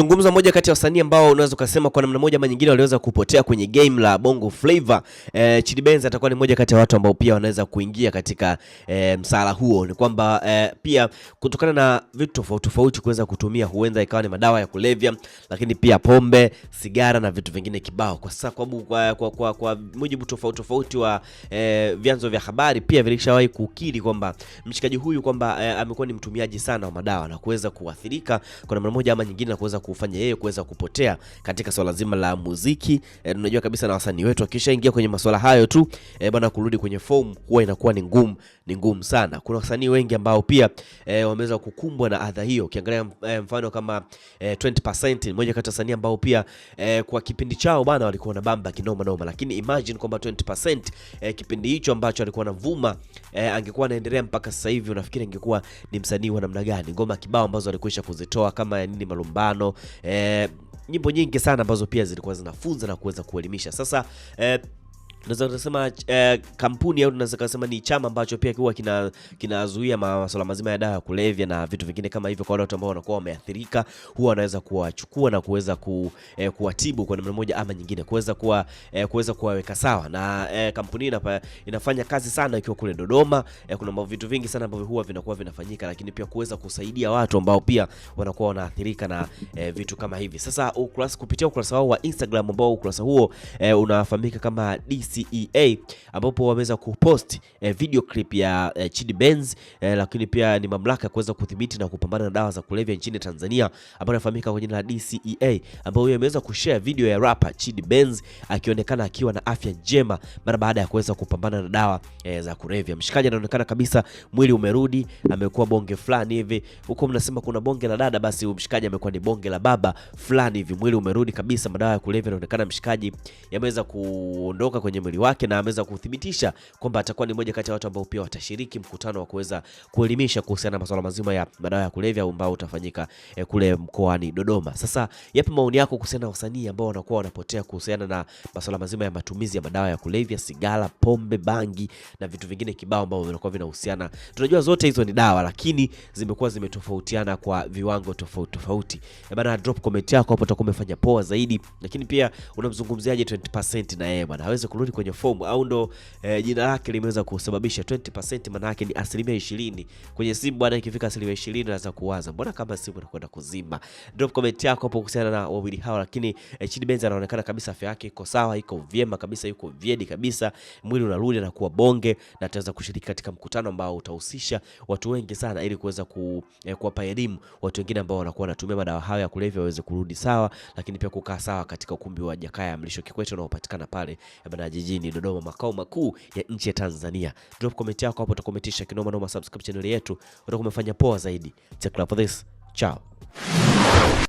zungumza moja kati ya wasanii ambao unaweza ukasema kwa namna moja ama nyingine waliweza kupotea kwenye game la Bongo Flava. E, Chidi Benz atakuwa ni moja kati ya watu ambao pia wanaweza kuingia katika e, eh, msala huo. Ni kwamba e, pia kutokana na vitu tofauti tofauti kuweza kutumia, huenda ikawa ni madawa ya kulevya, lakini pia pombe, sigara na vitu vingine kibao. Kwa sasa kwa, kwa, kwa, kwa, kwa mujibu tofauti tofauti wa e, vyanzo vya habari pia vilishawahi kukiri kwamba mshikaji huyu kwamba e, amekuwa ni mtumiaji sana wa madawa na kuweza kuathirika kwa namna moja ama nyingine na kuweza kufanya yeye kuweza kupotea katika swala zima la muziki. Tunajua eh, e, kabisa na wasanii wetu akishaingia kwenye masuala hayo tu e, eh, bana kurudi kwenye form huwa inakuwa ni ngumu, ni ngumu sana. Kuna wasanii wengi ambao pia e, wameweza kukumbwa na adha hiyo. Ukiangalia mfano kama e, 20% mmoja kati ya wasanii ambao pia e, kwa kipindi chao bana walikuwa na bamba kinoma noma, lakini imagine kwamba 20% e, kipindi hicho ambacho alikuwa na anavuma e, angekuwa anaendelea mpaka sasa hivi, unafikiri angekuwa ni msanii wa namna gani? Ngoma kibao ambazo alikwisha kuzitoa kama ya nini, malumbano eh, nyimbo nyingi sana ambazo pia zilikuwa zinafunza na kuweza kuelimisha. Sasa eh, tunaweza kusema eh, kampuni au tunaweza kusema ni chama ambacho pia huwa kina kinazuia masuala mazima ya dawa ya kulevya na vitu vingine kama hivyo. Kwa wale watu ambao wanakuwa wameathirika, huwa wanaweza kuwachukua na kuweza ku, eh, kuwatibu kwa namna moja ama nyingine, kuweza kuwa eh, kuweza kuwaweka sawa na eh, kampuni inapa, inafanya kazi sana ikiwa kule Dodoma eh, kuna mambo vitu vingi sana ambavyo huwa vinakuwa vinafanyika, lakini pia kuweza kusaidia watu ambao pia wanakuwa wanaathirika na eh, vitu kama hivi. Sasa ukurasa kupitia ukurasa wao wa Instagram ambao ukurasa huo eh, unafahamika kama DC NCEA ambapo wameweza kupost eh, video clip ya eh, Chidi Benz eh, lakini pia ni mamlaka ya kuweza kudhibiti na kupambana na dawa za kulevya nchini Tanzania ambayo inafahamika kwa jina la DCEA, ambapo huyo ameweza kushare video ya rapper Chidi Benz akionekana akiwa na afya njema mara baada ya kuweza kupambana na dawa eh, za kulevya. Mshikaji anaonekana kabisa mwili umerudi, amekuwa bonge fulani hivi. Huko mnasema kuna bonge la dada, basi mshikaji amekuwa ni bonge la baba fulani hivi, mwili umerudi kabisa, madawa ya kulevya yanaonekana mshikaji yameweza kuondoka kwenye mwili wake na ameweza kuthibitisha kwamba atakuwa ni mmoja kati ya watu ambao pia watashiriki mkutano wa kuweza kuelimisha kuhusiana na masuala mazima ya madawa ya kulevya ambao utafanyika eh, kule mkoani Dodoma. Sasa yapi maoni yako kuhusiana na wasanii ambao wanakuwa wanapotea kuhusiana na masuala mazima ya matumizi ya madawa ya kulevya, sigara, pombe, bangi na vitu vingine kibao ambao vinakuwa vinahusiana. Tunajua zote hizo ni dawa, lakini zimekuwa zimetofautiana kwa viwango tofauti tofauti. E Bana, drop comment yako hapo, utakuwa umefanya poa zaidi, lakini pia unamzungumziaje 20% na yeye bana hawezi kurudi vizuri kwenye fomu au ndo eh, jina lake limeweza kusababisha 20%, maana yake ni asilimia 20. Kwenye simu bwana, ikifika asilimia 20 unaweza kuwaza mbona kama simu inakwenda kuzima. Drop comment yako hapo kuhusiana na wawili hao, lakini eh, Chidi Benz anaonekana kabisa afya yake iko sawa, iko vyema kabisa, yuko vyedi kabisa, mwili unarudi na kuwa bonge, na ataweza kushiriki katika mkutano ambao utahusisha watu wengi sana, ili kuweza ku, eh, kuwapa elimu watu wengine ambao wanakuwa wanatumia madawa hayo ya kulevya waweze kurudi sawa, lakini pia kukaa sawa katika ukumbi wa Jakaya Mlisho Kikwete unaopatikana pale bandari jijini Dodoma, makao makuu ya nchi ya Tanzania. Drop comment yako hapo, utakometisha kinoma noma. Subscribe channel yetu, utakuwa umefanya poa zaidi. Check care for this. Ciao.